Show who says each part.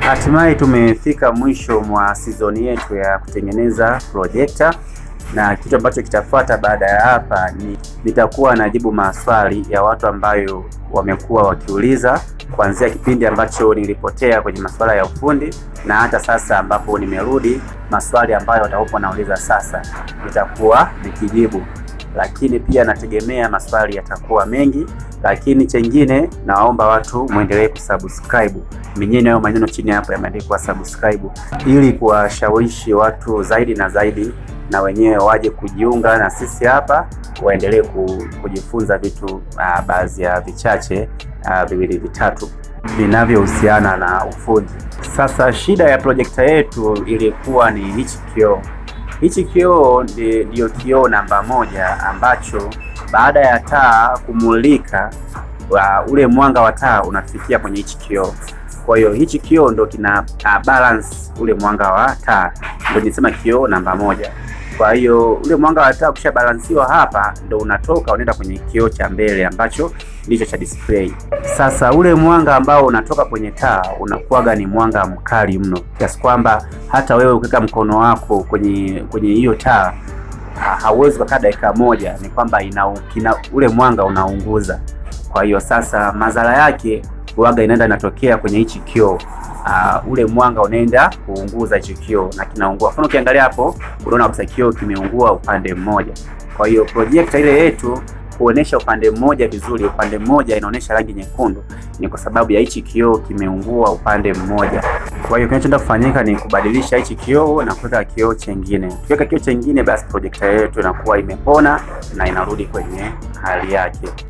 Speaker 1: Hatimaye tumefika mwisho mwa sizoni yetu ya kutengeneza projekta, na kitu ambacho kitafuata baada ya hapa ni nitakuwa najibu maswali ya watu ambayo wamekuwa wakiuliza kuanzia kipindi ambacho nilipotea kwenye masuala ya ufundi na hata sasa ambapo nimerudi, maswali ambayo watakuwa wanauliza sasa nitakuwa nikijibu lakini pia nategemea maswali yatakuwa mengi, lakini chengine nawaomba watu muendelee kusubscribe. minyeni hayo maneno chini hapo yameandikwa subscribe, ili kuwashawishi watu zaidi na zaidi, na wenyewe waje kujiunga na sisi hapa, waendelee kujifunza vitu ah, baadhi ya vichache ah, viwili vitatu vinavyohusiana na ufundi. Sasa shida ya projekta yetu ilikuwa ni hichi kioo Hichi kioo ndiyo kioo namba moja ambacho baada ya taa kumulika wa ule mwanga wa taa unafikia kwenye hichi kioo. Kwa hiyo hichi kioo ndo kina uh, balance ule mwanga wa taa, ndio nisema kioo namba moja. Kwa hiyo ule mwanga wa taa ukisha hapa, ndo unatoka unaenda kwenye kioo cha mbele ambacho ndicho cha display. Sasa ule mwanga ambao unatoka kwenye taa unakuwaga ni mwanga mkali mno kiasi kwamba hata wewe ukiweka mkono wako kwenye kwenye hiyo taa hauwezi kukaa dakika moja, ni kwamba ina, kina, ule mwanga unaunguza. Kwa hiyo sasa madhara yake waga inaenda inatokea kwenye hichi kioo uh, ule mwanga unaenda kuunguza hicho kioo na kinaungua. Mfano, ukiangalia hapo unaona kabisa kioo kimeungua upande mmoja. Kwa hiyo projekta ile yetu kuonesha upande mmoja vizuri, upande mmoja inaonesha rangi nyekundu, ni kwa sababu ya hichi kioo kimeungua upande mmoja. Kwa hiyo kinachoenda kufanyika ni kubadilisha hichi kioo na kuweka kioo chengine. Tukiweka kioo chengine, basi projekta yetu inakuwa imepona na inarudi kwenye hali yake.